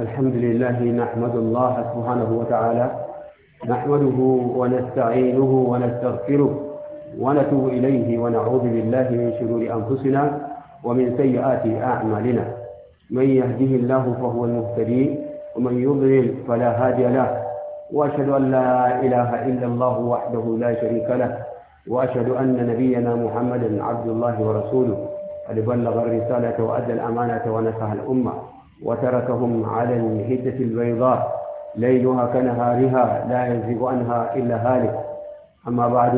الحمد لله نحمد الله سبحانه وتعالى نحمده ونستعينه ونستغفره ونتوب إليه ونعوذ بالله من شرور أنفسنا ومن سيئات أعمالنا من يهده الله فهو المهتدي ومن يضلل فلا هادي له وأشهد أن لا إله إلا الله وحده لا شريك له وأشهد أن نبينا محمدا عبد الله ورسوله قد بلغ الرسالة وأدى الأمانة ونصح الأمة وتركهم على الهدة البيضاء ليلها كنهارها لا يزيغ عنها إلا هالك أما بعد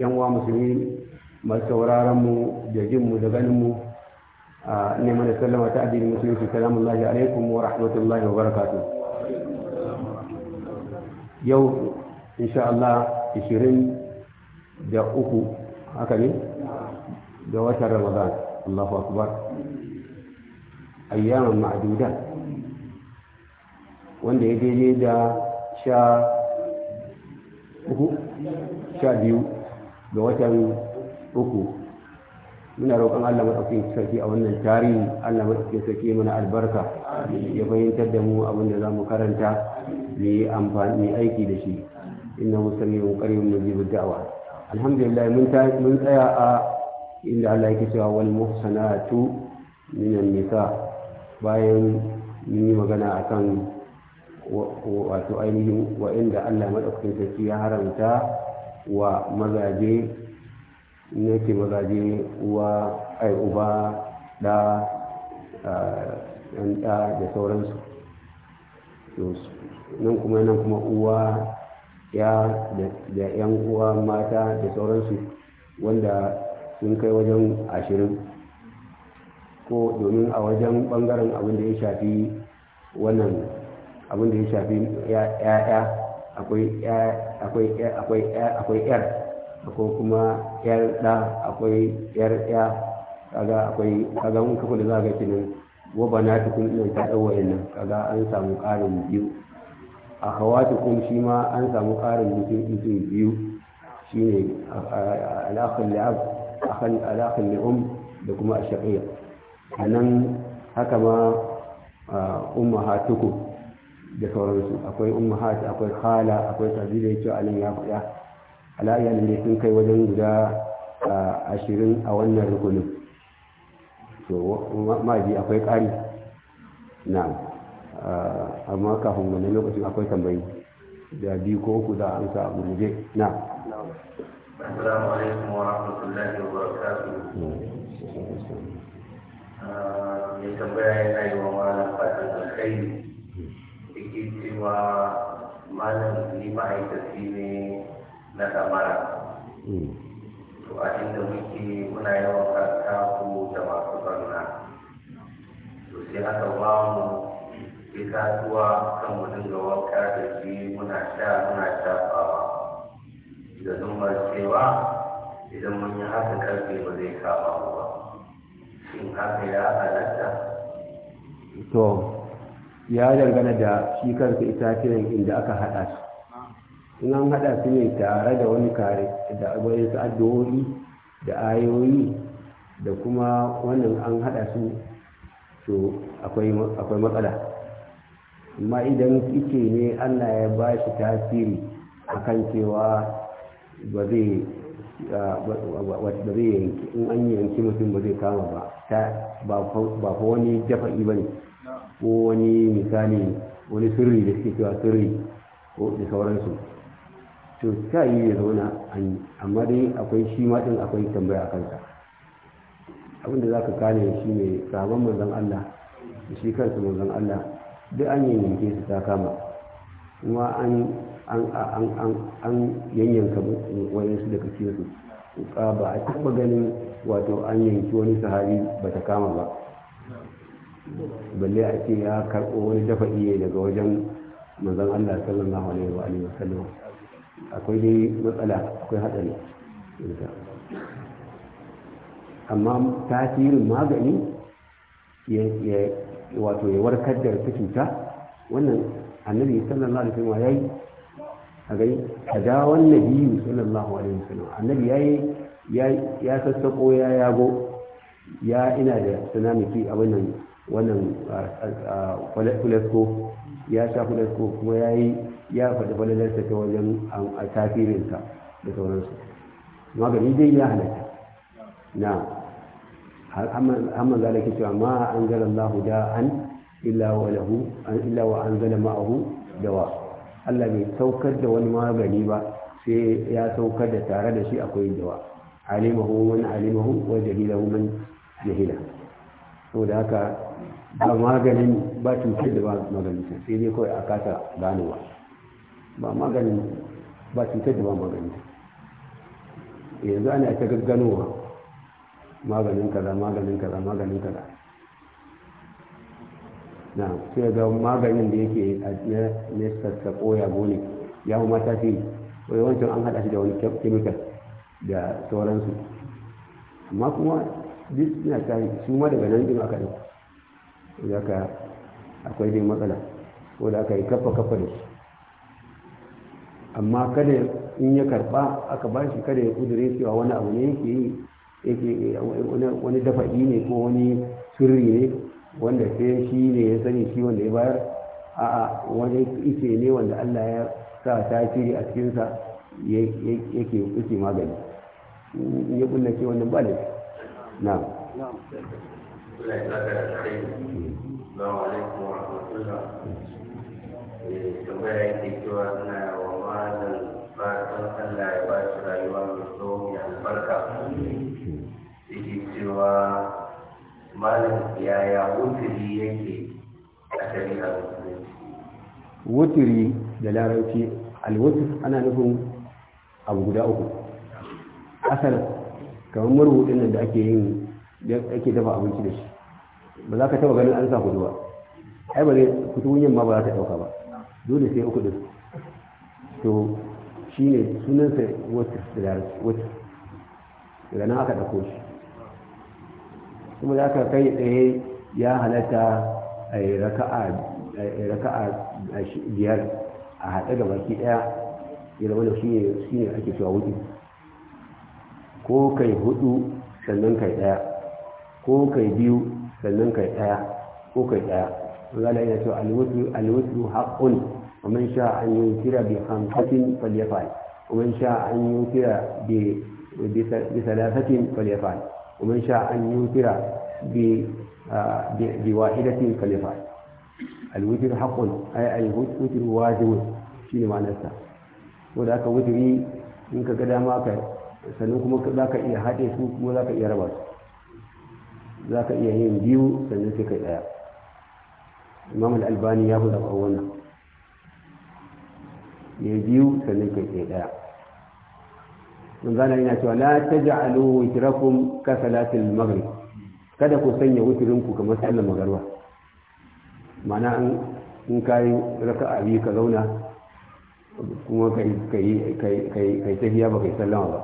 ينوى مسلمين ما سورارم ججم دغنم نعم نسلم وتأدي المسلمين سلام الله عليكم ورحمة الله وبركاته يوم إن شاء الله 20 da uku haka ne da watan ramadan allahu akbar ayyaman ma'adudan wanda ya daidai da sha uku sha biyu ga watan uku muna roƙon Allah maɗaukakin sarki a wannan tarihi Allah maɗaukakin sarki mana albarka ya fahimtar da mu abin da za mu karanta mu yi amfani aiki da shi inna musallin ƙarin mujibu da'awa alhamdulillah mun tsaya a inda Allah ya cewa wani muhsanatu minan nisa bayan mun yi magana a kan wato ainihin wa'inda Allah maɗaukakin sarki ya haramta wa mazaje ke mazaje uwa ai uba da ɗan ɗa da sauransu nan kuma nan kuma uwa ya da yan uwa mata da sauransu wanda sun kai wajen ashirin ko domin a wajen bangaren abin da ya shafi wannan abin da ya shafi ya'ya akwai yar akwai kuma yar da akwai yar ya kaga akwai kaga mun kafa da za ga kinin wa banatukum in ta dawo nan kaga an samu karin biyu a hawatukum shi ma an samu karin mutum mutum biyu shine ne akh al-ab da kuma a shaqiq nan haka ma ummahatukum da sauransu akwai ummahat akwai khala akwai ce yace alin ya faɗa ala ne sun kai wajen guda ashirin a wannan rukunin to maji akwai ƙari na amma kafin wannan lokacin akwai tambayi da biyu ko uku za a amsa a gurguje na السلام عليكم ورحمة الله وبركاته Eh, mai tambaya yana yi wa malam fatan alkhairi da ke cewa malam ni ma'aikaci ne na damara hmm. to a inda muke muna yawan katako da masu barna to sai aka ba mu itatuwa kan mutum dinga wanka da shi muna sha muna shafawa da zumar cewa idan mun yi haka karfe ba zai kama mu ba to ya dangana da shi kansa itacen inda aka haɗa su in an haɗa su ne tare da wani kare da su addu'o'i da ayoyi da kuma wannan an haɗa su to akwai matsala amma idan ice ne allah ya ba shi tasiri akan cewa ba zai ba zai yanki in an yanki mutum ba zai kama ba ba fa wani jafa'i ba ne ko wani misali wani sirri da suke cewa sirri ko da sauransu to ta yi ya zauna amma dai akwai shi maɗin akwai tambaya a kansa abinda za ka kane shi ne sabon manzan Allah da shi kansa manzan Allah duk an yanke su ta kama kuma an an yanyanka wayansu daga cikinsu ba a taba ganin wato an yanki wani sahabi ba ta kama ba balle a ce ya karɓo wani dafa iya daga wajen manzan Allah sallallahu alaihi wa alaihi wasallam akwai dai matsala akwai hatsari amma tasirin magani ya wato ya warkar da cuta wannan annabi sallallahu alaihi wa alaihi a gai a dawon nabiyu sallallahu alaihi wasallam annabi ya yi ya sassako ya yago ya ina da tsunamiki a wannan wannan fulasko ya sha fulasko kuma ya yi ya faɗi falalarsa ta wajen a tafirinsa da sauransu magani dai ya halatta na hamman zala ke cewa ma an zala Allah da an illa wa an zala ma'ahu dawa Allah bai saukar da wani magani ba sai ya saukar da tare da shi akwai dawa alimahu man alimahu wa jahilahu man jahila da haka ba maganin ba cutar da ba maganin sai dai kawai a kasa ganowa ba maganin ba cutar da ba maganin yanzu ana ta gagganowa maganin kaza maganin kaza maganin kaza na sai ga maganin da yake na ne ko koya gole ya fi mata fi yawancin an haɗa shi da wani chemical da sauransu amma kuma duk suna yi su ma daga nan din aka ɗauka da ka akwai dai matsala ko da aka yi kafa kafa da shi amma kada in ya karɓa aka ba shi kada ya kudure cewa wani abu ne yake yi wani dafa'i ne ko wani sirri ne wanda sai shi ne ya sani shi wanda ya bayar a'a wani ice ne wanda Allah ya sa tasiri a cikinsa yake yake magani ya kulla ce wannan ba ne na Assalamu alaikum wa rahmatullah. Eh, tambaya yake cewa suna wa malam fatan Allah ya ba shi malam yaya wuturi yake a shari'ar musulunci wuturi da larabci alwutur ana nufin abu guda uku asal kamar murhudin nan da ake yin ake dafa abinci da shi ba za ka taba ganin an sa ku ba ai ba zai yin yamma ba za ta dauka ba dole sai uku din to shine sunansa wata da wata daga nan aka dauko shi kuma da aka kai tsaye ya halatta a yi raka'a biyar a haɗe da baki ɗaya ya zama da shi ne ake cewa wuce ko kai hudu sannan kai ɗaya ko kai biyu sannan kai ɗaya ko kai ɗaya zala yana cewa alwutu haƙƙun ومن شاء أن ينكر sha an yi شاء kira ينكر بثلاثة فليفعل ومن شاء أن يوتر بواحدة كالفعل الوتر حق أي الوتر واجب شيء معنى وذاك وتري إنك قد ما sannan kuma za ka iya haɗe su kuma za ka iya raba za ka iya yin biyu sannan sai kai ɗaya imam al'albani ya fi zaɓa wannan ya biyu sannan kai ɗaya manzana yana cewa la taj'alu witrakum ka salatil maghrib kada ku sanya witrinku kamar sallar magharba mana an in kai raka'a biyu ka zauna kuma kai kai kai kai tahiyya ba kai sallama ba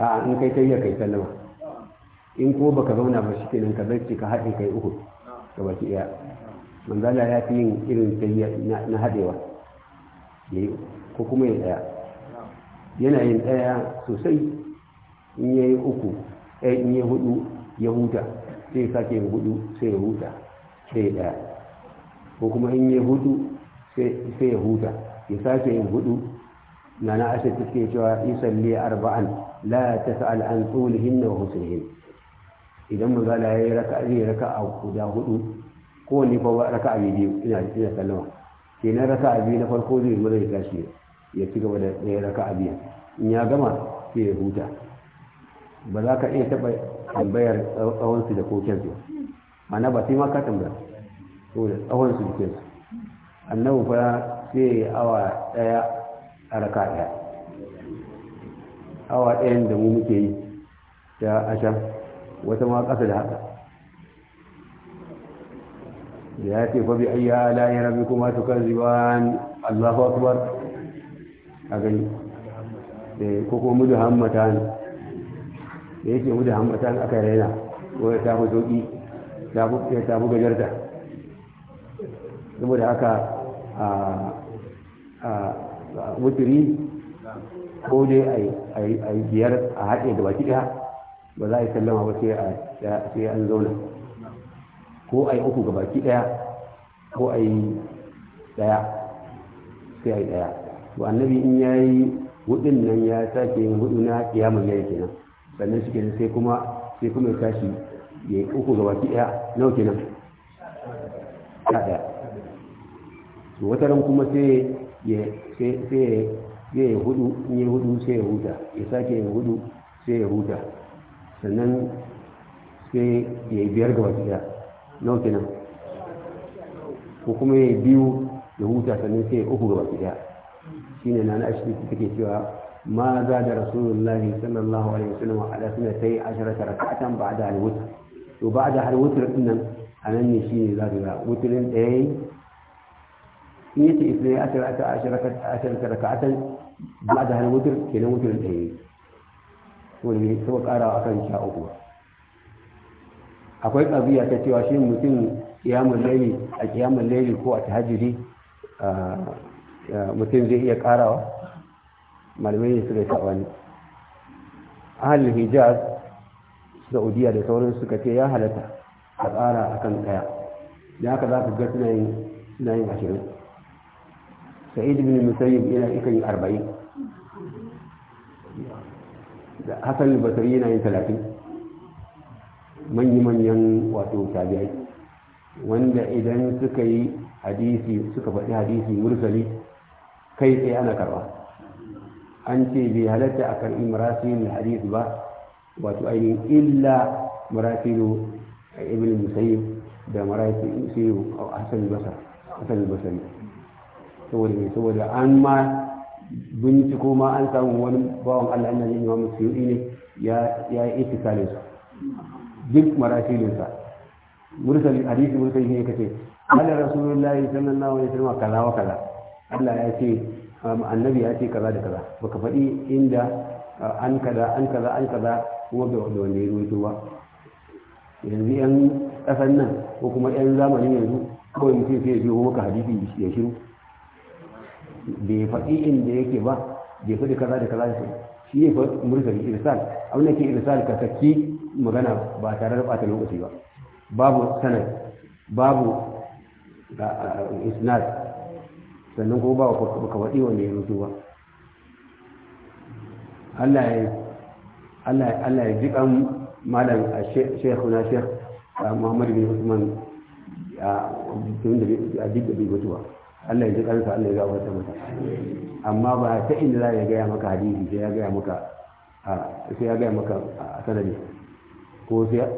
a in kai tahiyya kai sallama in ko baka zauna ba shikenan ka zarce ka haɗe kai uku ka baki iya manzala ya fi yin irin tahiyya na haɗewa ko kuma ya tsaya yana yin ɗaya sosai in ya yi uku eh, in ya hudu ya huta sai sake yin hudu sai ya huta sai ɗaya ko kuma in ya hudu sai ya huta ya sake yin hudu na na ashe take cewa liya arba'an la sa an tsulihin wa hussein idan mazala ya yi raka zai raka a guda hudu kowane kowa raka a biyu ina sallama ke na raka a biyu na farko zai mura ya tashi ya ci gaba da ɗaya raka a biyan in ya gama sai ya huta ba za ka iya taɓa tambayar tsawonsu da su mana ba sai ma ka tambaya da tsawonsu da kensu annabu fa sai ya awa ɗaya a raka ɗaya awa ɗayan da mu muke yi ta asha wata ma ƙasa da haka da ya ce fa bi ayya la ya rabi kuma tukaziban Allahu akbar a gani eh, ko kuma mudu hammata ne da yake mudu hammata ne aka raina ko ya tafi doki ya tafi gajarta saboda haka a wuturi ko dai a yi biyar a haɗe da baki ɗaya ba za a yi sallama ba sai an zauna ko a yi uku ga baki ɗaya ko a yi ɗaya sai a yi ɗaya to annabi in ya yi hudun nan ya sake yin hudu na kiyamun ya kenan sannan shi kenan sai kuma sai kuma ya tashi ya yi uku ga baki ɗaya nau kenan to wata ran kuma sai ya sai ya hudu in ya hudu sai ya huta ya sake yin hudu sai ya huta sannan sai ya yi biyar ga baki ɗaya nau kenan ko kuma ya yi biyu ya huta sannan sai ya uku ga baki ɗaya shine na na ashiriki take cewa ma za da rasulullahi sallallahu alaihi wasallam ala suna ta yi asharata raka'atan ba da alwutar to ba da har wutar din a nan ne shine za ka ga wutarin ɗaya in yace isnai asharata asharata raka'atan ba da har wutar kenan wutarin ɗaya to ne sai ƙara akan sha uku akwai ƙabiya ta cewa shi mutum ya laili a kiyamun laili ko a tahajjudi ah, mutum zai iya karawa malamai ne suka sa ne. ahalin hijaz saudiya da sauran suka ce ya halatta a tsara a kan ɗaya da haka za ka ga suna yin ashirin sa'id bin musayyib yana ikan yin arba'in da hasan basari yana yin talatin manyan wato tabi'ai wanda idan suka yi hadisi suka faɗi hadisi mursali kai sai ana karba an ce bai halatta a karbi murasilin hadith ba wato ainihin illa a ibn musayyib da murasilu hasan basar hasan basari saboda mai saboda an ma binciko ma an samu wani bawan Allah annabi Imam yi ne ya ya yi ittisalin su duk marasilin sa mursal hadisi mursal ne kace Allah Rasulullahi sallallahu alaihi wa sallam kaza wa kaza Allah ya ce um, annabi ya ce kaza da kaza baka faɗi inda uh, an kaza an kaza an kaza kuma bai wanda wanda ya ruwaito ba yanzu yan ƙasan nan ko kuma yan zamanin yanzu kawai mutum sai ya biyo maka hadisi ya shiru bai faɗi inda yake ba bai faɗi kaza da kaza shi ne fa mursali irsal abin da ke irsal ka saki magana ba tare da ɓata lokaci ba babu sanad babu uh, uh, isnad sannan ko ba wa ka faɗi wanda ya mutu ba Allah ya ji kan malam a na sheikh Muhammad bin Usman a duk da bai mutuwa Allah ya ji kansa Allah ya gafarta mata amma ba ta inda za ya gaya maka hadisi sai ya gaya maka sai ya gaya maka sanadi ko sai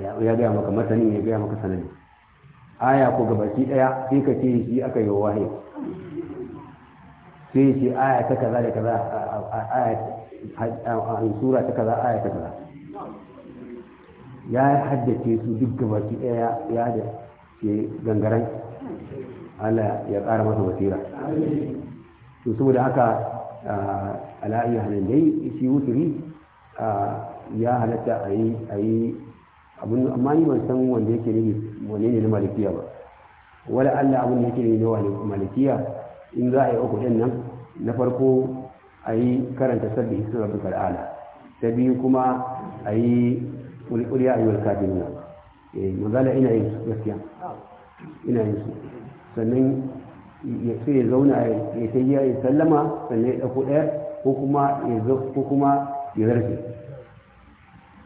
ya gaya maka matanin ya gaya maka sanadi aya ko gabaki daya sai ka ce shi aka yi wahayi sai ce aya ta kaza da kaza a sura ta kaza aya ta kaza ya haddace su duk gabaki daya ya da ke gangaren Allah ya kara masa basira to saboda haka ala'ayi halin dai shi wuturi ya halatta a yi abin amma ni ban san wanda yake ne wane ne na malikiya ba wala Allah abin da yake ne na malikiya in za a yi uku din nan na farko a yi karanta sabbi isu rabbi kal'ala ta biyu kuma a yi ƙulƙuliya a yi kafin nan eh, mazala ina yin su gaskiya ina yin su sannan ya su ya zauna ya ta yi ya sallama sannan ya ɗauko ɗaya ko kuma ya zafi ko kuma ya zarce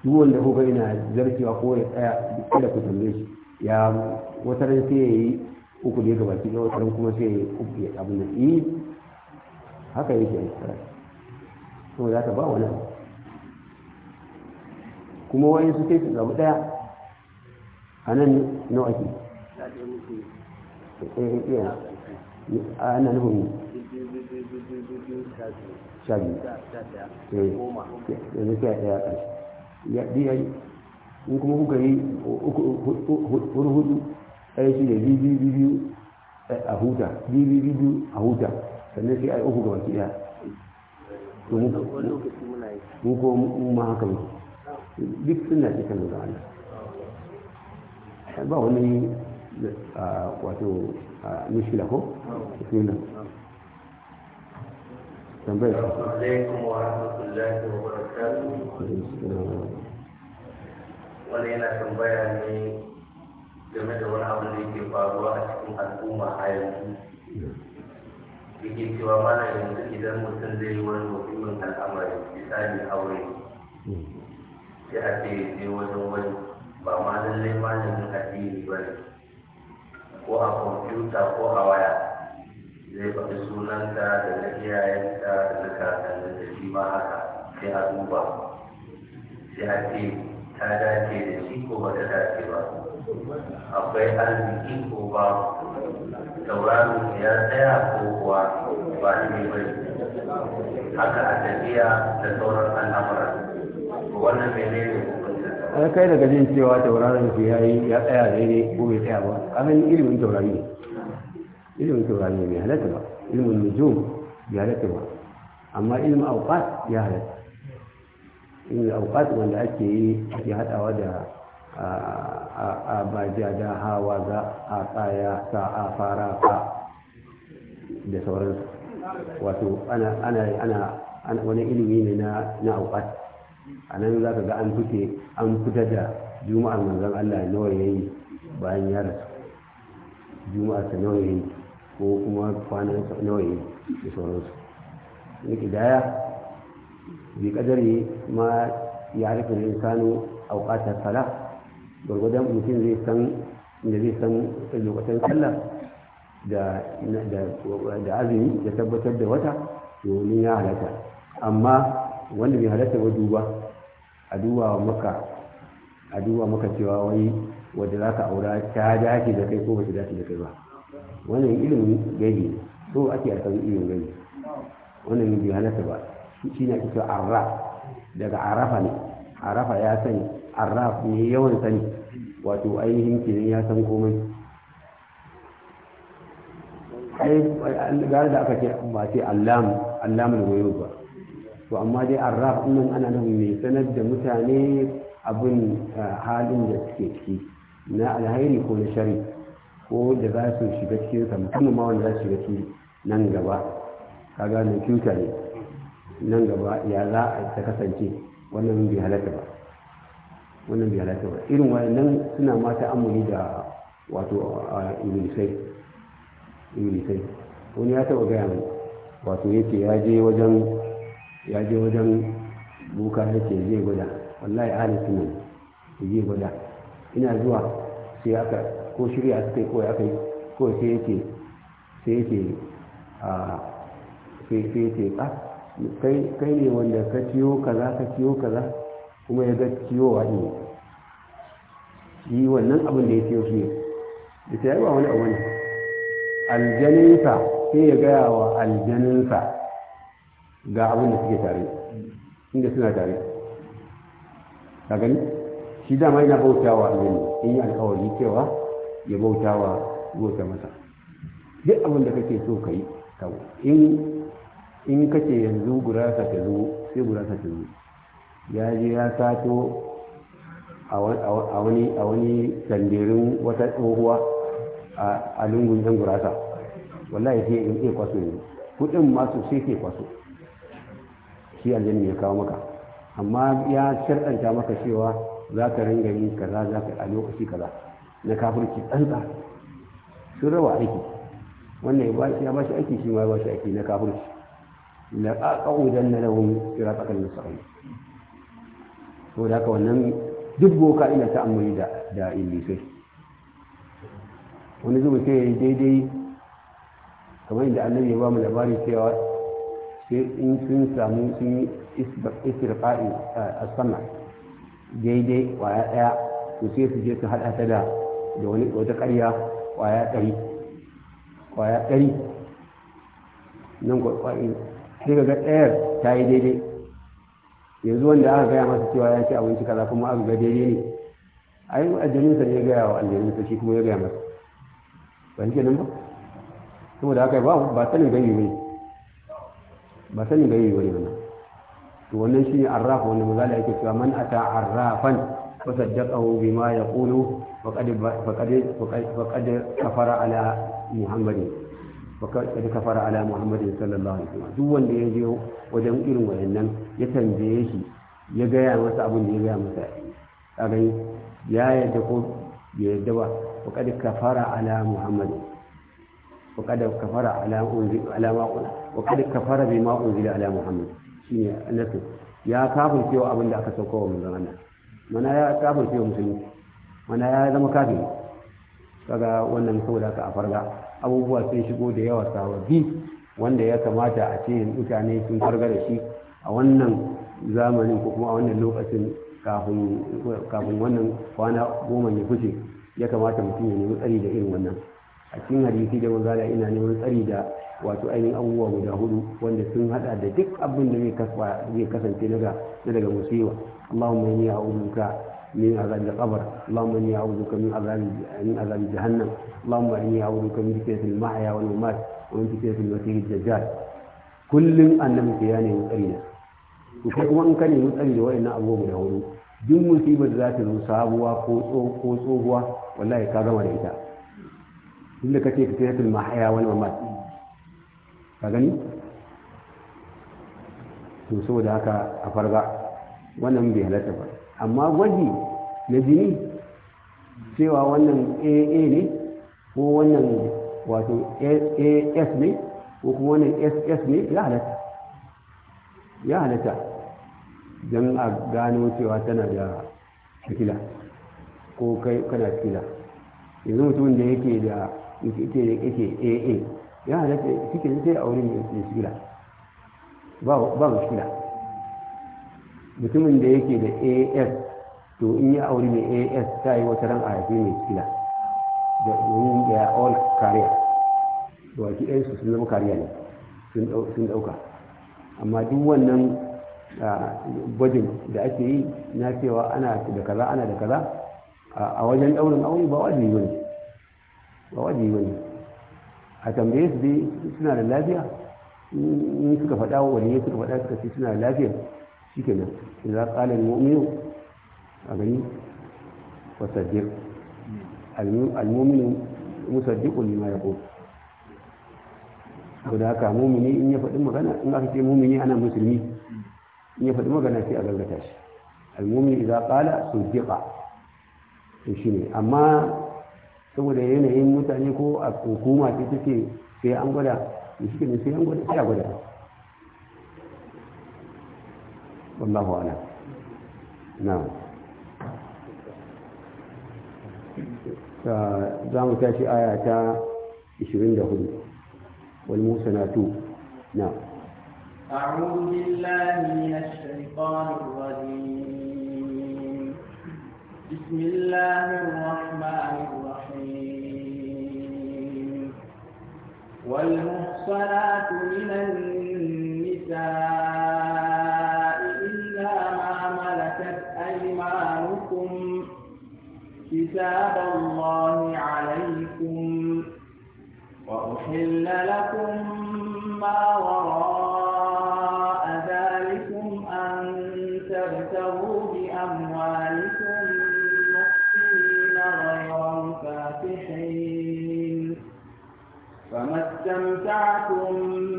duk wanda kuka ina zarcewa ko ya tsaya duk da ku tambaye shi ya wata ran sai ya yi uku da ya gabaki da wata ran kuma sai ya yi uku ya abin nan eh, haka yake a isra'il kuma za ta ba wani kuma wani su kai su zaɓi ɗaya a nan nawa ke a nan nufin sha eh, ɗaya yanzu sha ɗaya ƙarshe ya ɗaya in kuma kuka yi hudu hudu ɗaya shi da biyu biyu a huta biyu biyu a huta sannan sai a yi uku ga baki ɗaya mun ko mu ma haka muke duk suna ce da zuwa Allah ba wani wato mishila ko suna tambayar ka wani yana tambaya ne game da wani abu da yake faruwa a cikin al'umma a yanzu yake cewa mana yanzu idan mutum zai yi wani mutumin al'amari misali aure sai a ce zai wajen wani ba ma lallai malamin addini ba ne ko a kwamfuta ko a waya zai faɗi sunanta da na iyayenta da na kakannin da shi ma haka sai a duba sai a ce ta dace da shi ko ba ta dace ba akwai arziki ko ba tauraron ya tsaya ko kuwa ba ne ba haka a tafiya da sauran al'amura wannan mene ne an kai daga jin cewa tauraron su ya yi ya tsaya daidai ko bai tsaya ba kasan ilimin taurari ne ilimin taurari ne mai halatta ba ilimin nujum bai halatta ba amma ilimin auqat ya halatta ilimin auqat wanda ake yi ake hadawa da ah, da hawa za a tsaya sa a fara ka da sauransu wato ana wani ilimi ne na auƙat a nan za ka ga an fute an fitar da juma'ar manzan Allah nawa ya yi bayan ya rasu juma'ar ta nawa ya yi ko kuma kwanan nawa ya yi da sauransu na ƙidaya bi kadari ma ya harfi insanu auƙatar sala gwargwadon mutum zai san da zai san lokacin sallah da azumi da tabbatar da wata domin ya halatta amma wanda bai halatta ba duba a duba maka a duba maka cewa wai wadda za ka aura ta dace da kai ko ba ta dace da kai ba wannan ilimin gaibi so ake a san ilimin gaibi wannan bai halatta ba shi ne ake cewa arra daga arafa ne arafa ya sani arraf ne yawan sani wato ainihin kenan ya san komai ai gare da aka ce ba sai allam allamul ba to amma dai arraf nan ana nan mai sanar da mutane abin eh, halin da suke ciki na alhairi ko na shari ko da za su shiga cikin sa musamman ma wanda za su shiga ciki nan gaba kaga ne future ne nan gaba ya za a ta kasance wannan bai halatta ba wannan bai halatta ba irin nan suna ma ta'ammuli da wato iblisai iblisai wani ya taba gaya mai wato yake ya je wajen ya je wajen buka yake zai gwada wallahi ahli sunna zai gwada ina zuwa sai aka ko shirya aka kai ko aka yi kawai sai yake sai yake a sai sai yake ah, kai kai ne wanda ka ciyo kaza ka ciyo kaza kuma ya ga ciwowa ne yi wannan abin da ya ce shi da ta yi ba wani abu ne aljaninsa sai ya gaya wa aljaninsa ga abin da suke tare inda suna tare ta gani shi dama yana bautawa aljani in yi alkawari cewa ya bautawa gota masa duk abin da kake so ka yi in kace yanzu gurasa ta zo sai gurasa ta zo ya ji ya sato a wani sandirin wata tsohuwa a lungun yan gurasa wallahi sai in ke kwaso ne kudin masu sai ke kwaso shi aljanni ya kawo maka amma ya shirɗanta maka cewa za ka ringa yin kaza za ka a lokaci kaza na kafirci ɗansa sun raba aiki wannan ya bashi ya bashi aiki shi ma ya bashi aiki na kafirci la aqudanna lahum tsakanin. mustaqim da haka wannan duk boka ina ta amuri da da illisai wani zuwa sai yayi daidai kamar inda annabi ya ba mu labari cewa sai in sun samu sun yi istirfa'i a sama daidai kwaya daya su sai su je su hada ta da da wani wata ƙarya kwaya ɗari kwaya ɗari nan kwakwai sai ga ɗayar ta yi daidai yanzu wanda aka gaya masa cewa ya ci abinci kaza kuma aka ga daidai ne ai aljaninsa ne ya gaya wa sa shi kuma ya gaya masa ban nan ba saboda haka ba ba sanin gani bane ba sanin gani bane wannan to wannan shine arraf wanda mazali yake cewa man ata arrafan fa saddaqahu bima yaqulu faqad faqad faqad kafara ala muhammadin da kafara ala muhammadin sallallahu alaihi wasallam duk wanda ya je wajen irin wayannan ya tambaye shi ya gaya masa abin da ya gaya masa a gani ya yadda ko ya yadda ba da kafara ala muhammadin da kafara ala ala ma qul ma'un faƙad kafara bai ma'un zila ala muhammadin shine annabi ya kafin cewa abin da aka saukowa wa zama nan mana ya kafin cewa musulmi mana ya zama kafin kaga wannan saboda ka afarga abubuwa sun shigo da yawa sababbi wanda ya kamata a ce mutane sun farga da shi a wannan zamanin ko kuma a wannan lokacin kafin wannan kwana goma ya fice ya kamata mutum ya nemi tsari da irin wannan a cikin hadisi da a ina neman tsari da wato ainihin abubuwa guda hudu wanda sun hada da duk abin da zai kasance daga na daga musiba Allahumma inni a'udhuka min azabil qabr Allahumma inni a'udhuka min azabil jahannam اللهم إني أعوذ بك من فتنة المحيا والممات ومن فتنة المسيح الدجال kullum annabi ya nemi tsari na to kuma in ka nemi tsari da wa'annan abubuwa guda hudu duk musibar da za ta zo sabuwa ko tsohuwa wallahi ka gama da ita duk da kace fitatul mahaya wal mamat ka gani to saboda haka a farga wannan bai halatta ba amma gwaji na jini cewa wannan aa ne ko wannan wato as ne ko kuma wannan ss ne ya halatta ya halatta don a gano cewa tana da fitila ko kai kana fitila yanzu mutumin da yake da yake aa ya halatta cikin sai a wurin mai fitila ba mushkila mutumin da yake da as to in yi aure mai as ta yi wata ran a haifi mai fitila domin they are all kariya baki ɗansu sun zama kariya ne sun ɗauka amma duk wannan gwajin da ake yi na cewa ana da kaza ana da kaza a wajen ɗaurin aure ba wajibi yi wani ba wajibi yi wani a tambaye su dai suna da lafiya in suka faɗa wani suka faɗa suka ce suna da lafiya shi kenan a ƙalin mu'minu a gani wasajjir almominu musaddiqu lima yaqul da ka mumini in ya faɗi magana in aka ce mumini ana musulmi in ya faɗi magana sai a gargata shi almomini idza qala suddiqa to shine amma saboda yanayin mutane ko a hukuma ce take sai an gwada shi ne sai an gwada sai a gwada wallahu a'lam na'am za mu آياتا يشغل لهم والموسى ناتو نعم أعوذ بالله من الشيطان الرجيم بسم الله الرحمن الرحيم والمحصنات من النساء كتاب الله عليكم وأحل لكم ما وراء ذلكم أن تبتغوا بأموالكم محسنين غير فاتحين فما استمتعتم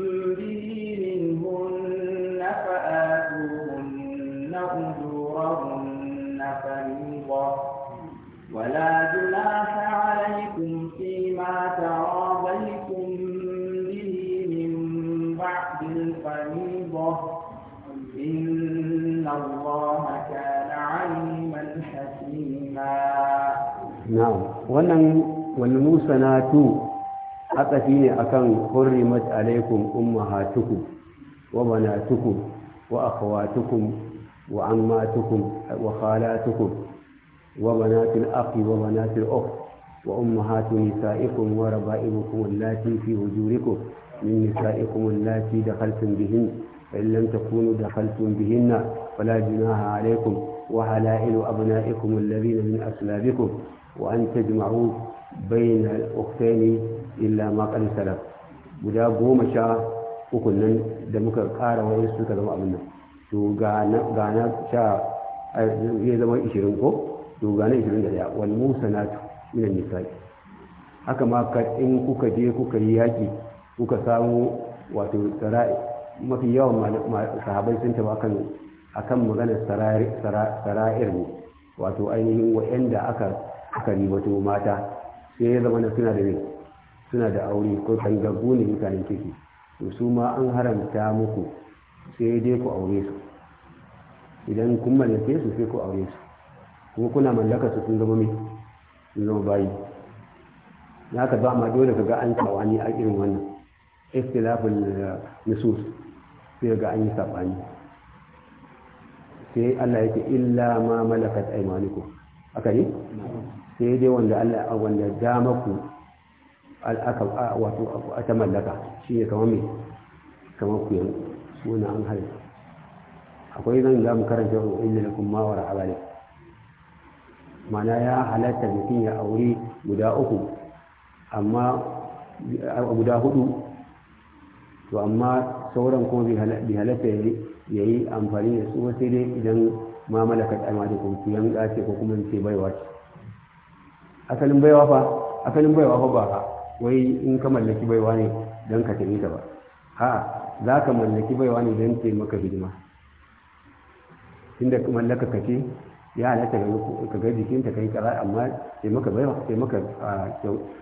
na'am wannan wannan musanatu akafi ne akan hurrimat alaikum ummahatukum wa banatukum wa akhawatukum wa ammatukum wa khalatukum wa banatul akhi wa banatul ukht wa ummahatu nisaikum wa raba'ibukum allati fi hujurikum من نسائكم اللاتي دخلتم بهن فإن لم تكونوا دخلتم بهن فلا جناها عليكم وحلائل أبنائكم الذين من أسلابكم وأن تجمعوا بين الأختين إلا ما قد سلف guda goma sha uku nan da muka ƙara wani suka zama abin nan to gana sha ya zama ishirin ko to gana ishirin haka ma ka in kuka je kuka yi yaƙi kuka samu wato sara'i mafi yawan sahabai sun taba kan akan maganar sara'ir ne wato ainihin wa'anda aka aka ribato mata sai ya zama suna da suna da aure ko kangaggu ne mutanen kiki to su ma an haramta muku sai dai ku aure su idan kun mallake su sai ku aure su kuma kuna mallaka su sun zama mai sun zama bayi na ka ba ma dole ka ga an tsawani a irin wannan istilafin eh, nusus sai ga an yi sabani sai Allah yake illa ma malakat aimaniku aka yi sai dai wanda Allah wanda dama ku aka wato ta mallaka shi ne kamar mai kamar ku suna an hari akwai zan za mu karanta ko inda lakum ma wara abale mana ya halatta mutum ya aure guda uku amma guda hudu to amma sauran kuma bai halatta ya yi amfani da su sai dai idan ma malakat aymanukum to yan ce ko kuma ce baiwa ce asalin baiwa fa asalin baiwa fa ba wai in ka mallaki baiwa ne don ka tafi ta ba ha za ka mallaki baiwa ne don taimaka maka hidima tunda mallaka ka ce ya halatta ka ga ta kai kaza amma taimaka baiwa Taimaka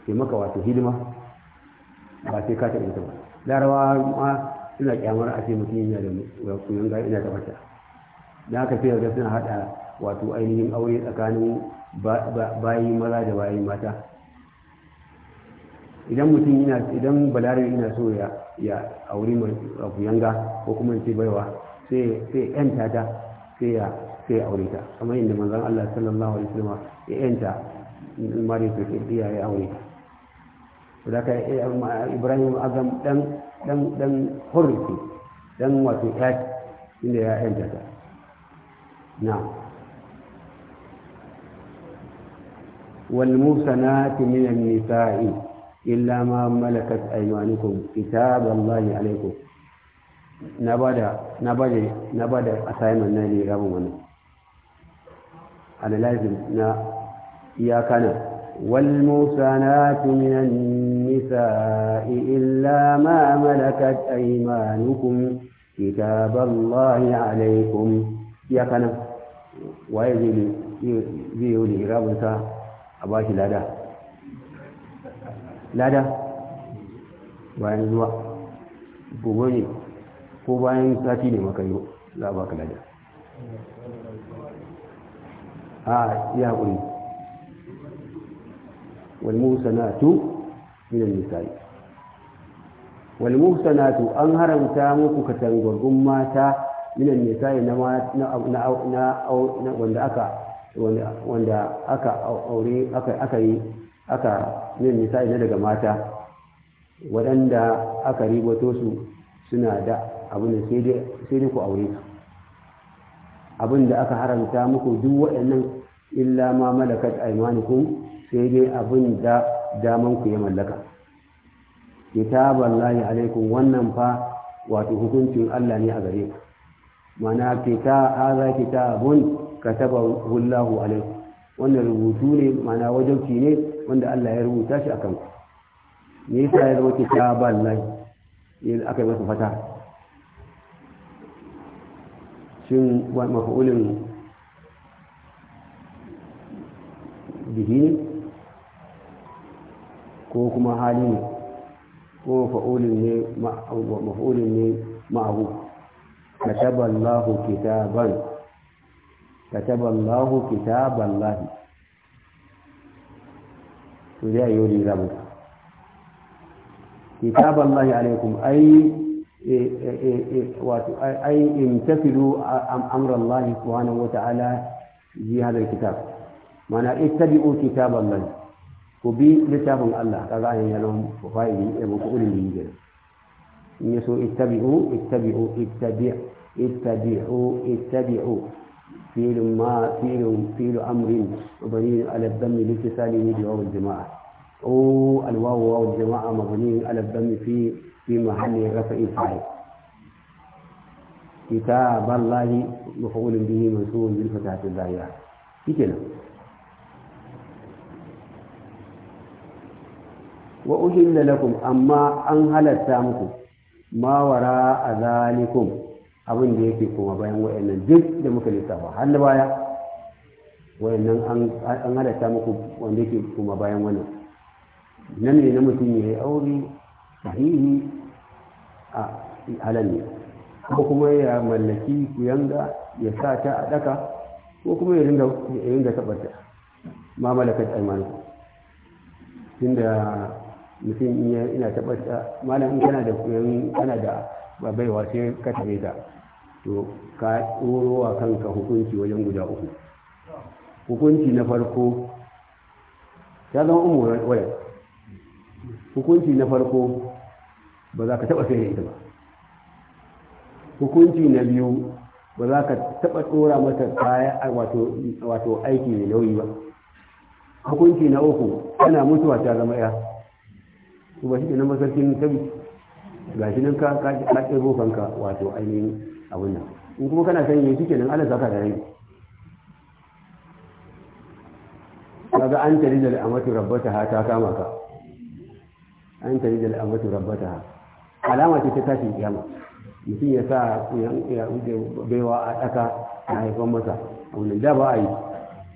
maka wato hidima ba sai ka tafi ta ba larawa ma suna kyamar a ce mutum yana da kuyan ga ina da mata da haka sai ga suna hada wato ainihin aure tsakanin bayi maza da bayi mata idan mutum yana idan balarabe yana so ya ya aure mai yanga ko kuma ce baiwa sai sai yanta ta sai ya sai aure ta kamar yadda manzon Allah sallallahu alaihi wasallam ya yanta mari to sai ya aure ta da ka eh, Ibrahim Azam dan dan dan hurri dan wato ya inda ya yanta ta نعم والمحسنات من النساء إلا ما ملكت أيمانكم كتاب الله عليكم نبدا نبدا نبدا أسايمن نالي رابو من أنا لازم نا إياك أنا والمحسنات من النساء إلا ما ملكت أيمانكم كتاب الله عليكم يا أنا waye zai yau da sa a ba shi lada lada bayan zuwa gobe ne ko bayan sati ne makayo za a ba ka lada a ya haƙuri walmusanatu minan misali walmusanatu an haramta muku katangwagun mata minan nisa'i na daga mata waɗanda aka ribato su suna da abin da sai dai ku aure su abin da aka haramta muku duk waɗannan illa ma malakat aymanukum sai dai abin da daman ku ya mallaka kitaballahi alaikum wannan fa wato hukuncin Allah ne a gare ku mana kita kita abun kataba wallahu alaikum wannan rubutu ne mana wajabci ne wanda Allah ya rubuta shi akan ku me yasa ya zama kita lahi ne aka yi masa fata shin mafa'ulin bihi ne ko kuma hali ne ko mafa'ulin ne ma'abu كتب الله كتابا كتب الله كتاب الله تجاه يولي ربك كتاب الله عليكم أي أي امتثلوا أمر الله سبحانه وتعالى في هذا الكتاب معنى اتبعوا كتاب الله وبي لتابع الله كذا يعني لهم فائدة وقول لي يسوع اتبعوا اتبعوا اتبع اتبعوا اتبعوا فيل ما فيل فيل امر مبني على الدم لاتصاله بواو الجماعه او الواو واو الجماعه مبني على الدم في في محل رفع فاعل كتاب الله مفعول به منصوب بالفتحه الظاهره كده wa uhilla lakum amma an ma wara a zalikum abin da yake kuma bayan wayannan duk da muka lissafa har da baya wayannan an halatta muku wanda yake kuma bayan wannan nan ne na mutum ya yi aure sahihi a halal ne ko kuma ya mallaki ku yanga ya sa ta a daka ko kuma ya ringa tabbata ma malakat aimanu tunda mutum in ina tabbata ah, malam in kana da kuyan kana da baiwa sai ka tabe ta to ka wa kanka hukunci wajen guda uku hukunci na farko ya zama umurar waya hukunci na farko ba za ka taɓa sai da ita ba hukunci na biyu ba za ka taɓa tsora mata kaya wato aiki mai nauyi ba hukunci na uku tana mutuwa ta zama ya Kuma shi ne masarkin tabi ga shi nan ka kace bokanka wato ainihin abin nan in kuma kana san yayi shike nan Allah zaka da rai kaga an tari da amatu rabbata ha ta kama ka an tari da amatu rabbata ha alama ce ta tashi kiyama mutum ya sa ya baiwa a daka na haifan masa abin da ba a yi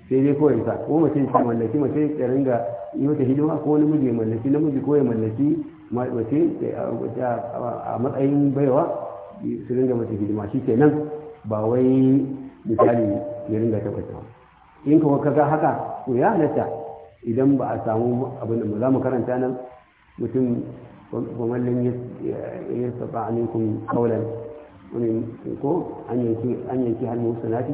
sai dai kawai sa ko mace ce mallaki mace ta ringa yi wata hidima ko namiji ya mallaki namiji ko ya mallaki mace a matsayin baiwa su ringa mace hidima shi nan ba wai misali ya ringa ta in kuma ka ga haka to ya halatta idan ba a samu abin da za mu karanta nan mutum gwamnan ya saba a ninkun wani ko an yanki hannun sanati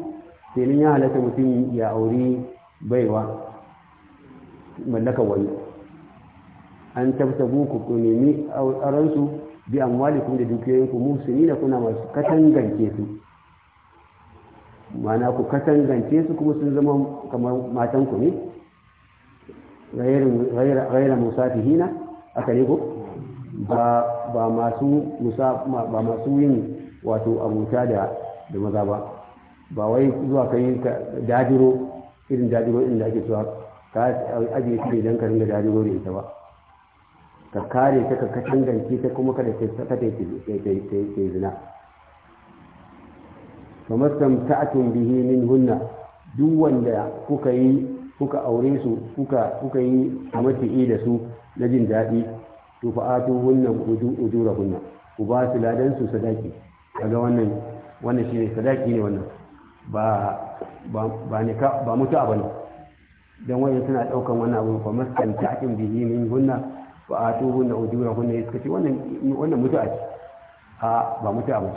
kenan ya halatta mutum ya auri baiwa mallaka wani an tabtabu ku ku nemi auransu bi amwalikum da dukiyoyinku nina kuna masu katangance su mana ku katangance su kuma sun zama kamar matan ku ne gaira hina, aka ne ku ba masu yin wato abuta da maza ba ba wai zuwa ka yi dadiro irin dadiro irin da ake cewa ka ajiye su idan ka ringa dadiro da ita ba ka kare ta ka cangance ta kuma kada ta yi zina kamar ta'atun bihi min hunna duk wanda kuka yi kuka aure su kuka kuka yi mati'i da su na jin daɗi to fa atu hunna ujura hunna ku ba su ladan su sadaki kaga wannan wannan shine sadaki ne wannan ba ba ne mutu a bane don wayan suna daukan wani abu ba maskan ta'in bihi min hunna fa atuhunna ujurahunna yaskaci wannan wannan mutu a a ba mutu bane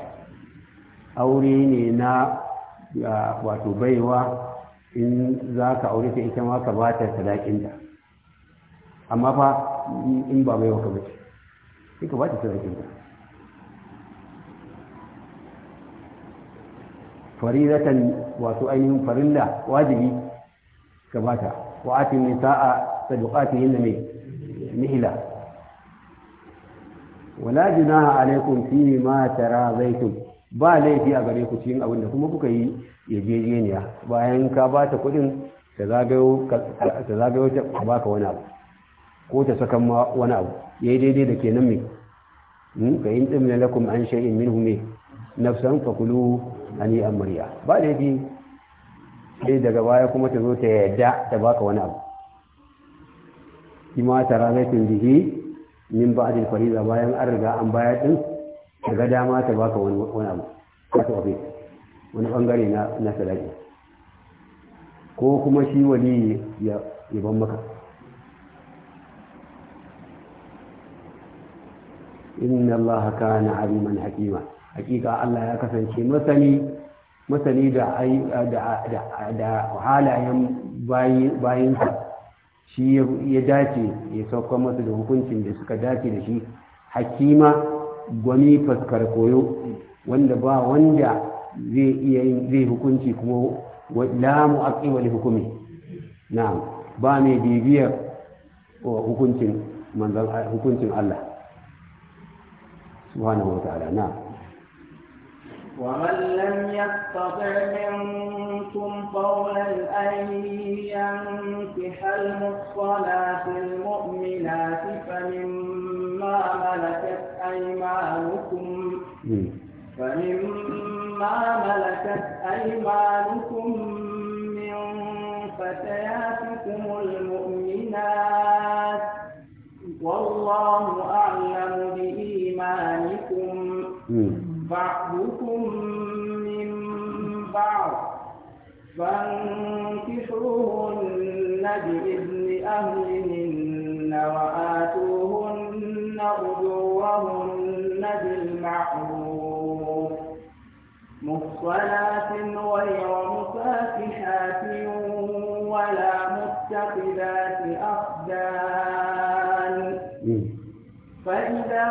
aure ne na wato baiwa in za ka aure ta ita ma ka ba ta sadakin ta amma fa in ba baiwa ka bace sai ka ba ta sadakin ta faridatan wato ainihin farilla wajibi gabata wa ati nisa'a sadaqatihin mai nihila wala junaha alaikum fi ma zaitun ba laifi a gare ku cikin abin da kuma kuka yi yajejeniya bayan ka ba ta kudin ta zagayo ta baka wani abu ko ta saka ma wani abu Ya yi daidai da ke nan me ka hmm? yin tsimna lakum an shay'in minhu me nafsan fakulu hani an murya ba laifi sai daga baya kuma ta zo ta yadda ta baka wani abu kima ta bihi min ba fari fariza bayan an riga an baya din daga dama ta baka wani abu wato abu wani bangare na na ko kuma shi wani ya ban maka inna allaha kana aliman hakima hakika Allah ya kasance masani masani da halayen bayinsa shi ya dace ya sauka masu da hukuncin da suka dace da shi hakima gwani faskar koyo wanda ba wanda zai iya yin zai hukunci kuma la mu'aqi wal hukumi na'am ba mai bibiyar hukuncin hukuncin Allah subhanahu wa ta'ala na'am ومن لم يستطع منكم قولا أن ينكح المحصنات المؤمنات فمما ملكت أيمانكم فمما ملكت أيمانكم من فتياتكم المؤمنات والله أعلم بإيمانكم بعضكم من بعض فانكحوهن بإذن أهلهن وآتوهن أجورهن بالمعروف مفصلات غير مفاتحات ولا متخذات أخدان فإذا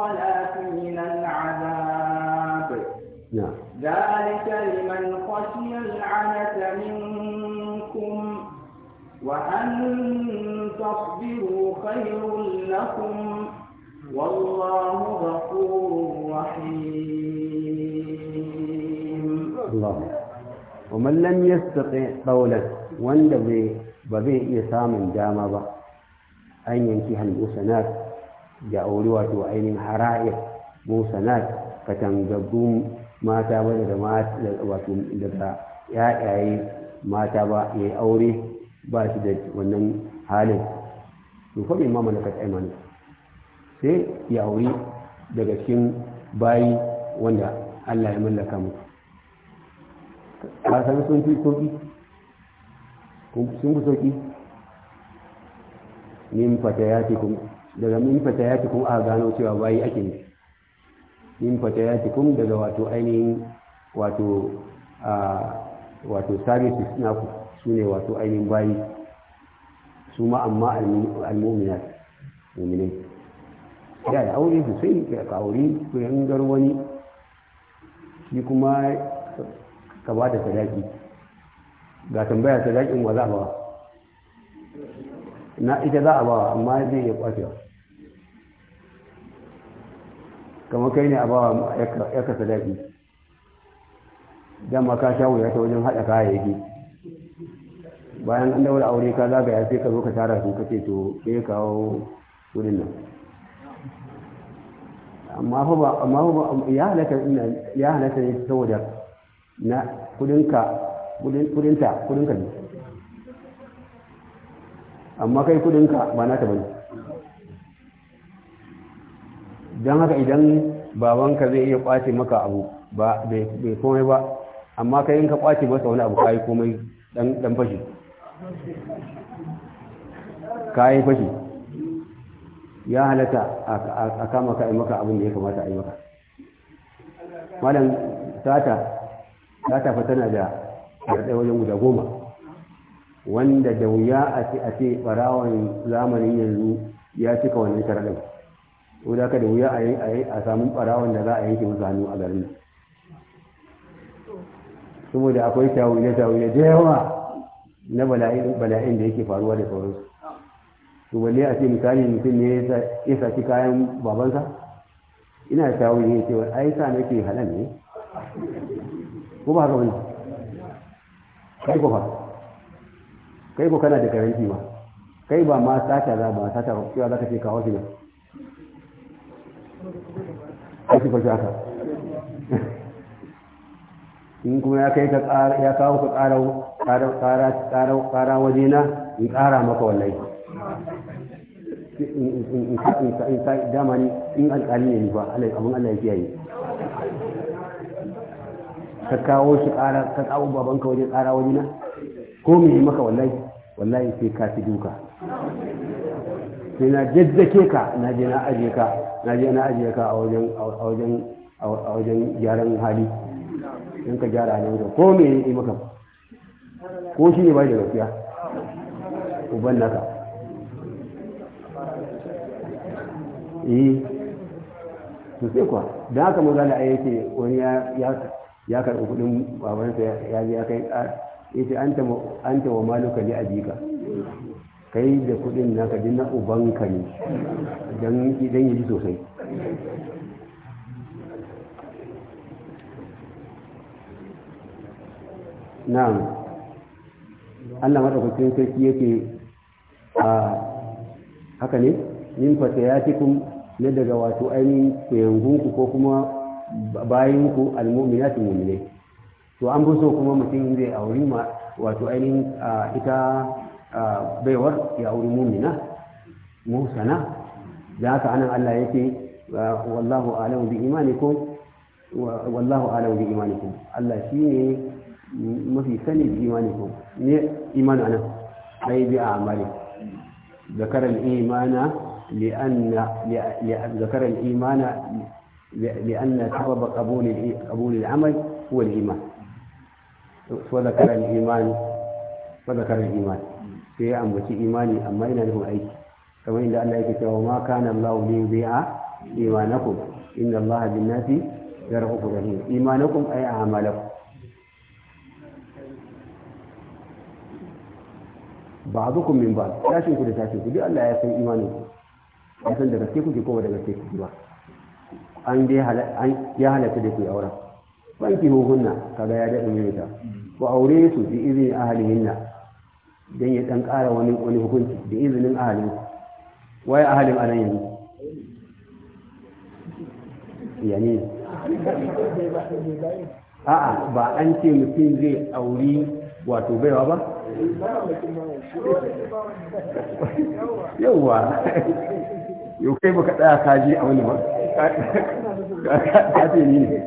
الصلاة من العذاب نعم ذلك لمن خشي العنة منكم وأن تصبروا خير لكم والله غفور رحيم الله ومن لم يستطع قولا وان به بذي يسام جامضة أن ينتهي المسنات ya auri wato ainihin hara'ir musanat katangaggun mata ba daga wato daga yayaye mata ba ya aure ba shi da wannan halin to fa ma mamala kat sai ya auri daga cikin bayi wanda Allah ya mallaka mu ka san sun fi sauki sun fi sauki min kuma daga min ya fatayatikum a gano cewa bayi ake nufi min ya fatayatikum daga wato ainihin wato a wato services na ku sune wato ainihin bayi su ma amma al mumina mu'minai ya da aure su sai ka aure ku yangar wani shi kuma ka ba da sadaki ga tambaya sadakin wa za ba na ita za a bawa amma zai iya kwacewa kamar kai ne a bawa ya kasa daɗi don ka sha wuya ta wajen haɗa kayayyaki bayan an daura aure ka zagaya sai ka zo ka tara su ka ce to sai kawo wurin nan amma fa ba amma fa ya halaka ina ya halaka ne saboda na ka kudin kudin ka ne amma kai kudinka ba na ta bane don haka idan babanka zai iya kwace maka abu ba bai komai ba amma kai in ka kwace masa wani abu kai komai dan fashi kayi fashi ya halatta a kama ka maka abin da ya kamata a yi maka malam sata sata fa tana da ɗaya wajen guda goma wanda da wuya a ce a ce barawon zamanin yanzu ya cika wannan sharaɗin ko da ka da wuya a samu barawon da za a yanke musu hannu a garin saboda akwai tawile tawile da yawa na bala'in da yake faruwa da sauransu to balle a ce misali mutum ne ya saci kayan babansa ina tawile ya ce ai sa nake halal ne ko ba haka wani kai ko ba kai ko kana da garanti ba kai ba ma sata za ba sata ba cewa za ka ce kawo shi ne kashi kwashi ka in kuma ya kai ya kawo ka ƙara waje na in ƙara maka wallahi in dama ni in alƙali ne ba abin Allah ya kiyaye ka kawo shi ƙara ka kawo babanka waje ƙara waje na ko me maka wallahi wallahi sai ka fi duka sai na jajjake ka na je na aje ka na je na aje ka a wajen a wajen a wajen gyaran hali in ka gyara ne wajen ko me yi maka ko shi ne ba da gaskiya uban naka eh to sai kuwa dan haka maza da ayyuke wani ya ya karɓi kuɗin babansa ya ya kai yace an ta wa maluka a abika kai da kudin naka dina na ubanka ne dan idan yaji sosai na'am Allah matakwacin sarki yake a haka ne min fatayatikum na daga wato ainihin ku ko kuma bayinku almu'minatu mu'minai to an buso kuma mutum zai auri ma wato ainihin ita baiwar ya auri mumina musana da haka anan Allah ya ce wallahu alamu bi imanikum wallahu alamu bi imanikum Allah shi ne mafi sani bi imanikum ne imanu anan sai bi amali ذكر الإيمان لأن ذكر الإيمان لأن سبب قبول قبول العمل هو الإيمان وذكر الإيمان وذكر الإيمان sai ya ambaci imani amma ina nufin aiki kamar inda Allah yake cewa ma kana Allah li yubi'a imanakum inna Allah bin nasi yarhamu rahim imanakum ay a'malakum ba'dukum min ba'd tashin ku da tashin ku bi Allah ya san imanin ku ya san da gaske kuke ko da gaske kuke ba an dai ya halatta da ku aura wanki hukunna kaga ya daɗa mai ta ku aure su bi izinin na, don ya ɗan ƙara wani wani hukunci da izinin ahalin waye ahalin a nan yanzu yani a'a ba an ce mutum zai auri wato baiwa ba yauwa yau kai baka tsaya kaji a wani ba ka ce ni ne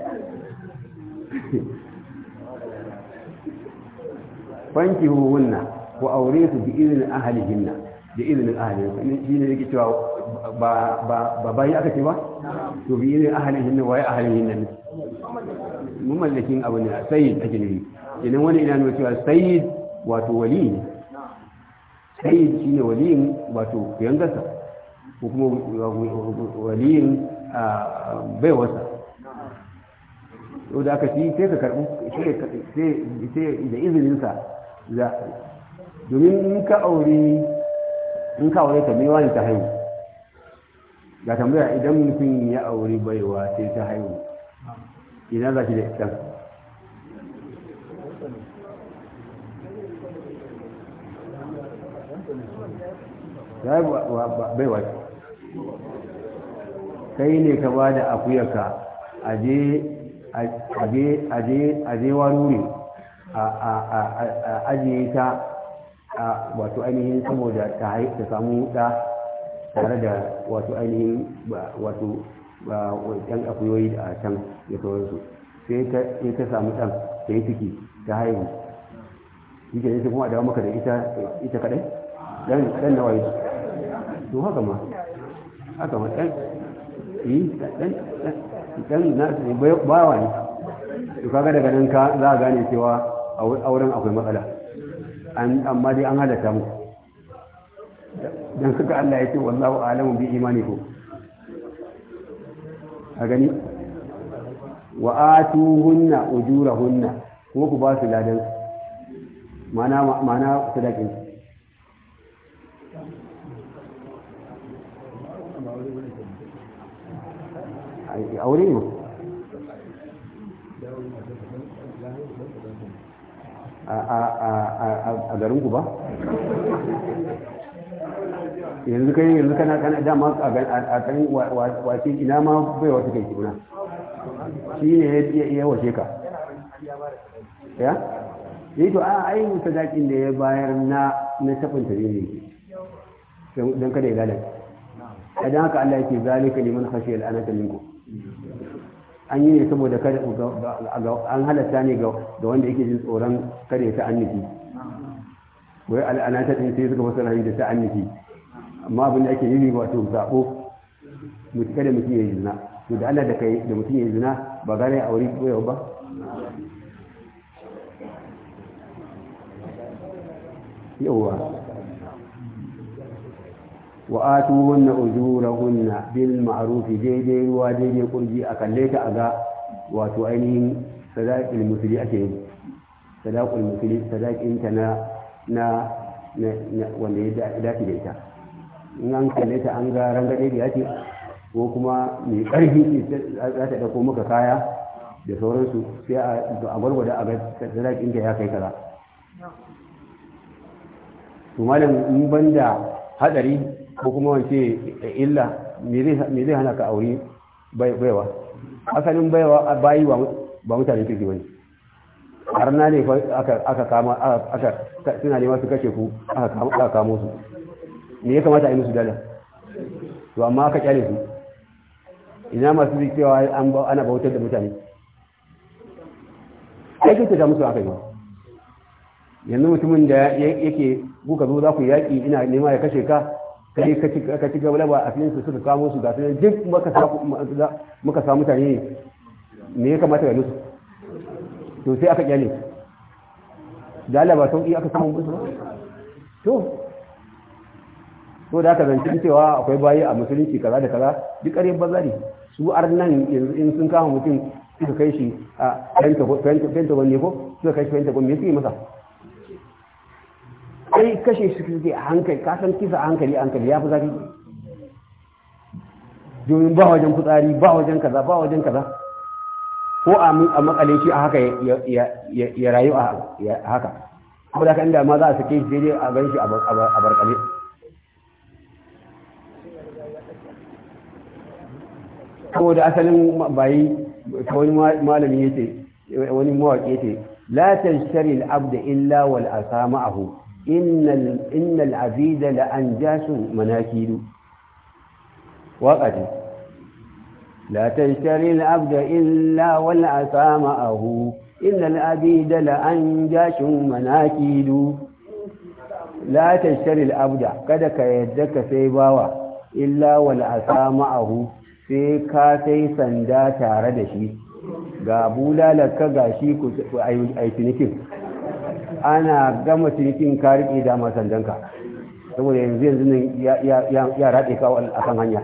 fanki huhunna, ku aure su bi izinin ahalihinna bi izinin ahalihinna shi ne yake cewa ba bayi aka ce ba to bi izinin ahalihinna waye ahalihinna ne mu mallakin abu ne sayyid ake jini idan wani ina nuna cewa sayyid wato wali ne sayyid shine wali wato gasa, ko kuma bai ah, baiwarsa to da aka ci sai ka karbi sai da izininsa za domin in ka aure in ka aure ta ne ta haihu ga tambaya idan mutum ya aure baiwa sai ta haihu idan za ki da ita ya yi baiwa kai ne ka ba da akuyarka a je a je warure a ajiye ta a wato ainihin saboda ta samu da tare da wato ainihin wato ɗan akuyoyi a can ya sauransu sai ta samu ɗan ta yi ciki ta haihu yake ke kuma a dawo maka da ita kaɗai ɗan nawa yi to haka ma haka ma ɗan yi eh, ɗan dan na bawa ne to kaga daga nan ka za a gane cewa auren akwai matsala amma dai an halatta mu dan suka Allah ya ce wallahu a'lamu bi ko a gani wa atuhunna ujurahunna kuma ku ba su ladan mana mana sadakin aure ne a garin ku ba yanzu kai yanzu kana kana dama a kan wace ina ma bai wata kai kuna shi ne ya iya wace ka ya yi eh to a ainihin sadakin da ya bayar na na tafin tare ne don kada ya lalata a don haka Allah ya ce zalika liman khashiyal anata minkum an yi ne saboda kada an halatta ne ga wanda yake jin tsoron kada ya ta'annufi wai al'ana ta ɗin sai suka fasara da ta'annufi amma abin da ake yi wato zaɓo kada mutum ya yi zina to da Allah da kai da mutum ya yi zina ba gane a wuri ko ba yauwa Wa'atu wa atuhunna ujurahunna bil ma'arufi daidai ruwa daidai kurji a kalle ta ga, wato ainihin sadaqil musli ake yi sadaqul musli sadaqin ta na na wanda ya dace da ita in an kalle ta an ga rangade da yake ko kuma mai karfi za ta dauko maka kaya da sauransu sai a gwargwada a ga sadaqin ta ya kai kaza to malam in banda hadari ko kuma wance eh, eh, illa me zai hana ka aure baiwa asalin baiwa bayi ba mutane kirki wani har na ne aka kama aka suna ne masu kashe ku aka kamo su me ya kamata a yi musu dala to amma aka kyale su ina masu zai cewa ana bautar da mutane kike ta musu aka yi yanzu mutumin da yake ka zo za ku yaki ina nema ya kashe ka kai ka ci gaba ba a filin su suka kamo su ga su duk muka samu mutane me ya kamata ga musu to sai aka kyale da Allah ba sauki aka samu musu to to da aka zance cewa akwai bayi a musulunci kaza da kaza duk ƙarfin bazari su nan yanzu in sun kama mutum suka kai shi a fenta ne ko suka kai shi fenta pentagon me suke masa sai kashe shi suke a hankali ka san kisa a hankali hankali ya fi zafi domin ba wajen kutsari ba wajen kaza ba wajen kaza ko a makale shi a haka ya rayu a haka abu da kan da ma za a sake shi dai a gan shi a barkale ko da asalin bayi ta wani malami ya ce wani mawaƙi ya ce la tashari al'abda illa wal asama ahu innal abida la an jasu manakidu waƙaji la tashtari al'abda illa wal asama ahu innal abida la an jasu manakidu la tashtari al'abda kada ka yadda ka sai bawa illa wal asama ahu sai ka sai sanda tare da shi ga bulalarka ga shi ku aitinikin ana gama cikin ka riƙe dama sandanka saboda yanzu yanzu nan ya raɗe kawo a kan hanya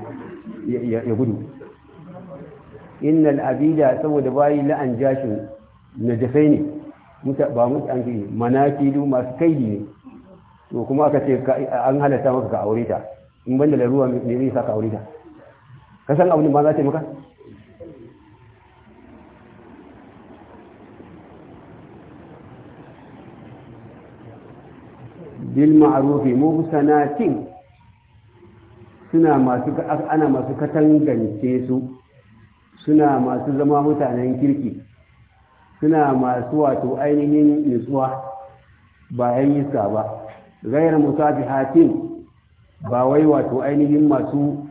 ya gudu innal abida saboda bayi la'an jashin na jafai ne ba mutu an gini manakilu masu kaidi ne to kuma aka ce an halatta maka ka aure ta in banda da ruwa ne zai sa ka aure ta ka san abin ba za ta maka bil ma'rufi mubsanatin suna masu ana masu katangance su suna masu zama mutanen kirki suna masu wato ainihin nutsuwa bayan iska ba gairar musafihatin ba wai wato ainihin masu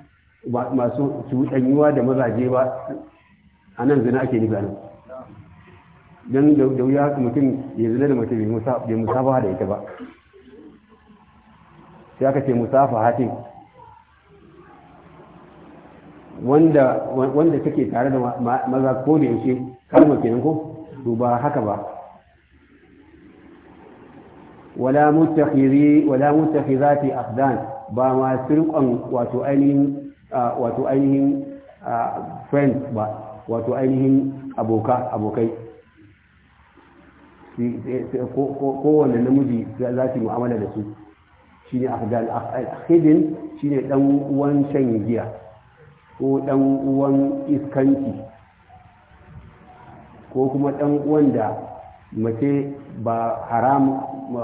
masu cuɗanyuwa da mazaje ba a nan zina ake nufi nan don da wuya mutum ya zina da mutum ya musafa da ita ba sai aka ce musafa hatin wanda wanda take tare da maza ko da yaushe karma kenan ko to ba haka ba wala mutakhiri wala mutakhizati aqdan ba ma sirqan wato ainihin wato ainihin friends ba wato ainihin aboka abokai kowane namiji za su mu'amala da su shi ne al'akhidin shi ne ɗan'uwan uwan shan giya ko ɗan'uwan uwan iskanci ko kuma ɗan'uwan uwan da mace ba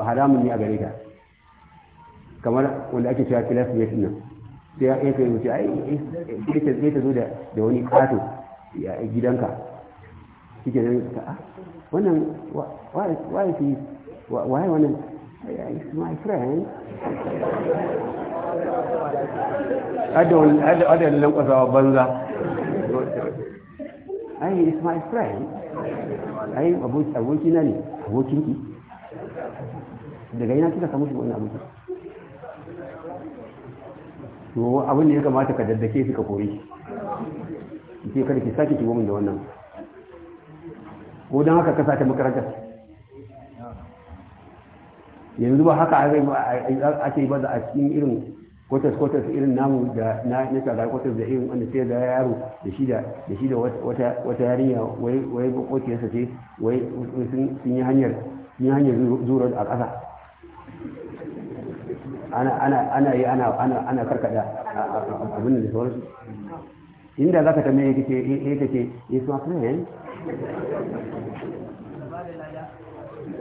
haramun ne a gare ta kamar wanda ake cewa ne nan sai ya kai wuce ai sai ta zo da wani kato a gidanka shi ke zai ta wannan waye wannan It's my friend. I don't, Adon our banza. Hey, it's my friend. Hey, I'm working on it. I'm working on it. Da gaina kika samu shi wannan abokin. To, abin da ya kamata ka daddake suka kori. Ke kada ki sake ki gomin da wannan. Ko don haka ka sake makarantar. yanzu ba haka ake ba da a cikin irin kwatas-kwatas irin namu da na shagar kwatas da irin wanda sai da yaro da shi da wata yarinya wai bakokiyarsa ce wai sun yi hanyar zuwa a ƙasa ana yi ana karkada abin da sauransu inda za ka tambaye ya kace ya kace ya suna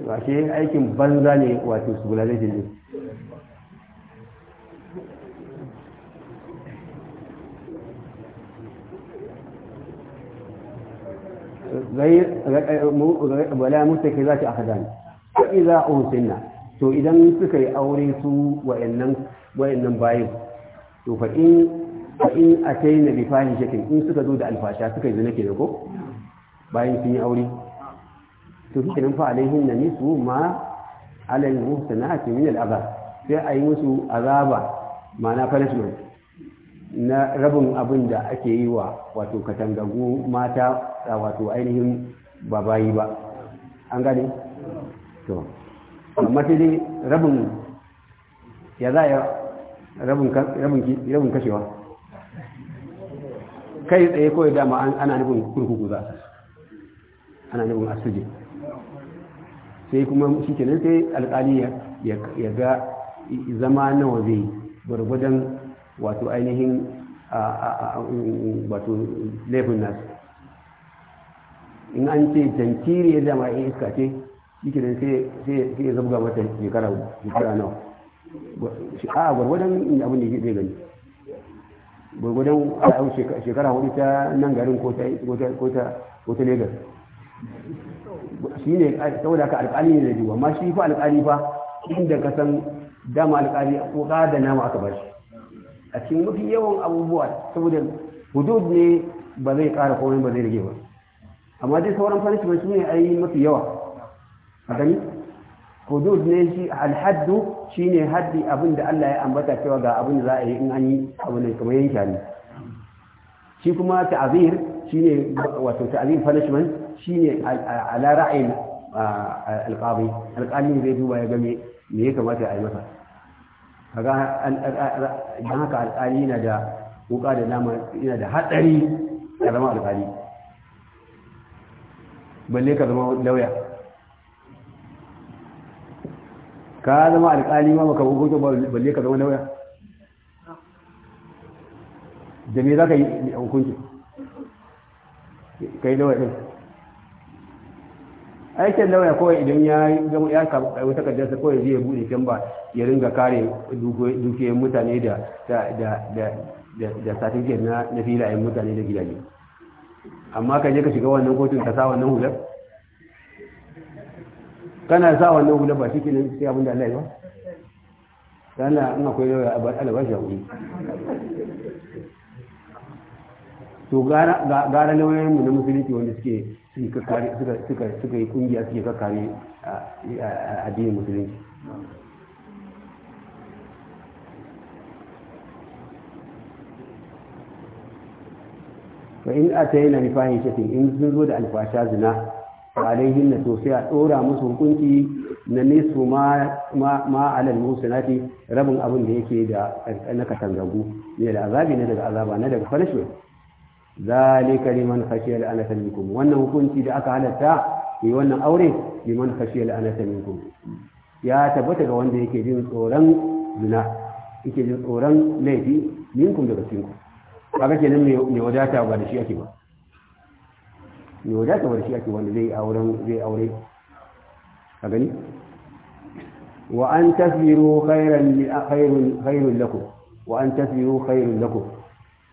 washe aikin banza ne wato civilization ne mutu ke za ta ahadan ko iza unsinna to idan suka yi aure su wayannan nan bayan, to fa in fa na ataina bi fahishatin in suka zo da alfasha suka yi zina da ko bayan sun yi aure to shi kenan fa alaihin na nisu ma alal muhsanati min al azab sai a yi musu azaba ma'ana punishment na rabin abin da ake yi wa wato katangagu mata wato ainihin babayi ba an gani? to amma sai dai rabin ya za ya rabin kashewa kai tsaye kawai dama ana nufin kurkuku za ana nufin asuje sai kuma shi nan sai alƙali ya ga zama nawa zai gwargwadon wato ainihin wato laifin nasu in an ce jantiri ya zama in iska ce shi ke nan sai ya zabga mata shekara shekara nawa a gwargwadon abin da zai gani gwargwadon shekara hudu ta nan garin ko ta legas shi ne saboda ka alƙali ne da jiwa amma shi fa alƙali fa inda ka san dama alƙali ko da nama aka ba shi a cikin mafi yawan abubuwa saboda hudud ne ba zai ƙara komai ba zai rage ba amma dai sauran punishment su ne a yi mafi yawa a gani hudud ne shi alhaddu shi ne haddi abin da Allah ya ambata cewa ga abin da za a yi in an yi abu ne kamar yanki shi kuma ta'azir shi ne wato ta'azir punishment shine ala ra'ayin alqabi alqalin zai duba ya game me ya kamata a yi masa kaga dan haka alqali yana da wuka da nama yana da hatsari ya zama alqali balle ka zama lauya ka zama alƙali ma baka ba balle ka zama lauya da me za ka yi hukunci ka yi lauya ɗin aikin lauya kawai idan ya gama ya karɓi takardarsa kawai zai buɗe can ba ya ringa kare dukiyoyin mutane da da satifiyar na filayen mutane da gidaje amma ka je ka shiga wannan kotun ka sa wannan hular kana sa wannan hular ba shi ke nan sai abin da Allah ya ba kana in akwai lauya albashi a wuri to gara lauyoyinmu na musulunci wanda suke suka yi kungiya suke a addinin musulunci fa in na nufahin shafin, in sun zo da alfasha zina alaihin na sosai a tsora musu hukunci na nisu ma musu alal rabin abin da yake da na katangagu ne da azabi ne daga azaba na daga punishment zalika liman khashiya la'anata minkum wannan hukunci da aka halarta yi wannan aure liman khashiya la'anata minkum ya tabbata ga wanda yake jin tsoron zina yake jin tsoron laifi minkum daga cikin ku kaga kenan me wadata ba da shi ake ba me wadata ba da shi ake wanda zai auren zai aure ka gani wa an tasbiru khairan li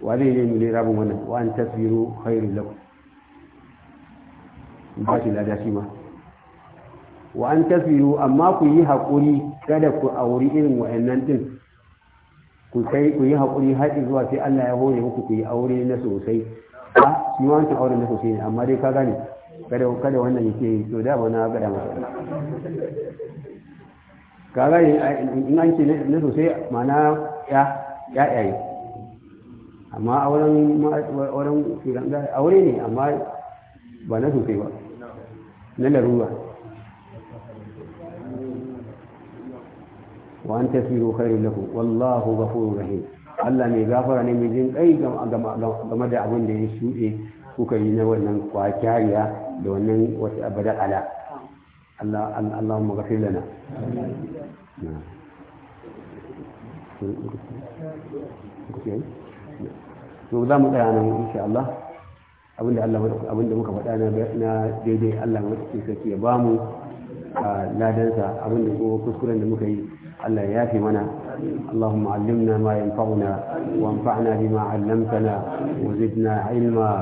wane ne mai rabin wannan wa an tasbiru khairul lakum ba shi da shi ma wa an tasbiru amma ku yi hakuri kada ku auri irin wayannan din ku sai ku yi hakuri har zuwa sai Allah ya hore muku ku yi aure na sosai ha shi wa wancan aure na sosai ne amma dai ka gane kada kada wannan yake to da ba na gada masa ka gane in an ce na sosai ma'ana ya ya yayi amma auren auren firan da aure ne amma ba na sosai ba na larura wa an tasbiru khairul lahu wallahu ghafurur rahim Allah ne gafara ne mai jin kai game da abin da ya shuɗe kuka yi na wannan kwakiyariya da wannan wata abada ala Allah mu gafi lana Thank you. to za mu tsaya nan insha Allah abinda Allah abinda muka faɗa na daidai Allah mu sarki ya ba mu ladansa abinda ko kuskuren da muka yi Allah ya yafe mana اللهم علمنا ما ينفعنا وانفعنا بما علمتنا وزدنا علما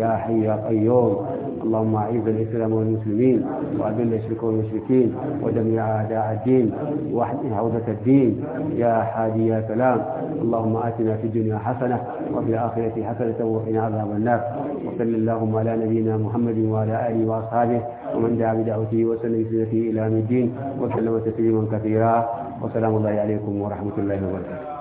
يا حي يا قيوم اللهم أعز الإسلام والمسلمين وأذل الشرك والمشركين ودمر أعداء الدين واحد عودة الدين يا حادي يا سلام اللهم آتنا في الدنيا حسنة وفي الآخرة حسنة وقنا عذاب النار وصل اللهم على نبينا محمد وعلى آله وأصحابه ومن دعا بدعوته وسلم سنته إلى الدين وسلم تسليما كثيرا وسلام الله عليكم ورحمة الله وبركاته